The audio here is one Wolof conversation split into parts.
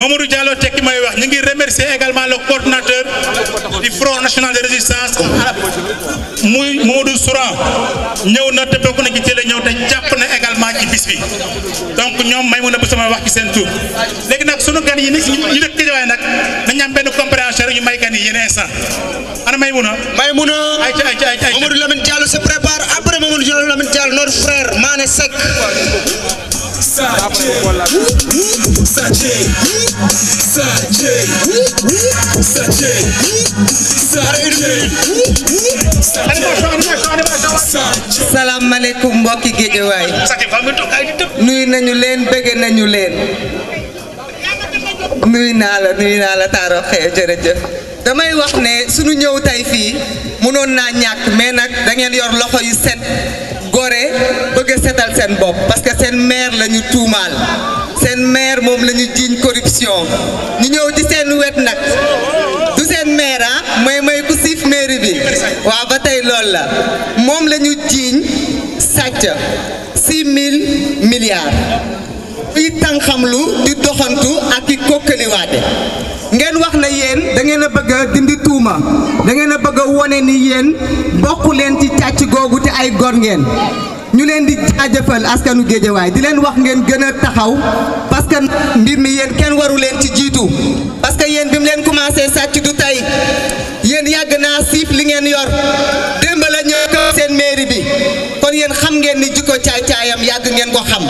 Mamadou Diallo tekki may wax ñu ngi remercier également le coordinateur du Front National de Résistance muy Mamadou Souran ñëw na te bokk na ci teel a ñëw te jàpp na également ci bis bi donc ñoom may mën a bu sama wax ci seen tur léegi nag sunu gan yi ni ñu dëkk Géejawaay nag nañu am benn compréhension rek ñu may gan yi yeneen instant ana may mun a may mun a ay ay ay Mamadou Lamine Diallo se prépare après Mamadou Lamine Diallo notre frère Mané Seck salaamaaleykum mbokki Géejawaay nuyu nañu leen bëgg nañu leen nuyu naa la nuyu naa la taaro xee jërëjëf damay wax ne suñu ñëw tey fii mënoon naa ñàkk mais nag da ngeen yor loxo yu set gore bëgg setal seen bopp parce que seen maire la ñu tuumaal seen maire moom lañu ñu jiiñ corruption ñu ñëw ci seen wet nag du seen maire ah mooy ku siif mairie bi waaw ba tey lool la moom la ñu jiiñ sàcc six mille milliards fii tànqamlu di doxantu ak i kokkaliwaate ngeen wax na yéen dangeen ngeen a bëgg a dindi tuuma da ngeen a bëgg a wone ni yéen bokk leen ci càcc googu te ay gor ngeen ñu leen di jaajëfal askanu géejawaay di leen wax ngeen gën a taxaw parce que mbir mi yéen kenn waru leen ci jiitu parce que yéen bi mu leen commencé sàcc du tey yéen yàgg naa siif li ngeen yor démb la ko seen mairie bi kon yéen xam ngeen ni jikko caay-caayam yàgg ngeen ko xam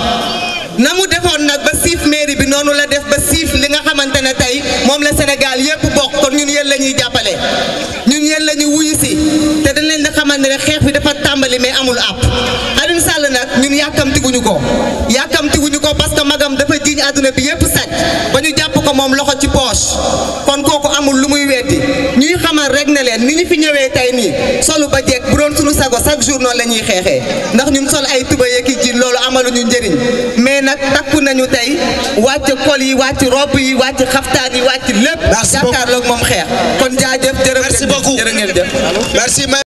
na mu defoon nag ba siif mairie bi noonu la def ba siif li nga xamante ne tey moom la Sénégal yépp bokk kon ñun yéen jàppale ne xeex bi dafa tàmbali mais amul àpp Aliou Sall nag ñun yàkkamtiguñu ko yàkkamtiguñu ko parce que magam dafa jiiñ àdduna bi yépp saj ba ñu jàpp ko moom loxo ci poche kon kooku amul lu muy weddi ñuy xamal rek na leen ni ñu fi ñëwee tey nii solu ba jekk bu doon suñu sago chaque jour noonu la ñuy xeexee ndax ñun sol ay tuba yeeki ji loolu amaluñu njëriñ mais nag takku nañu tey wàcc kol yi wàcc rob yi wàcc xaftaan yi wàcc lépp jàkkaarloog moom xeex kon jaajëf jërëjëf jërë ngeen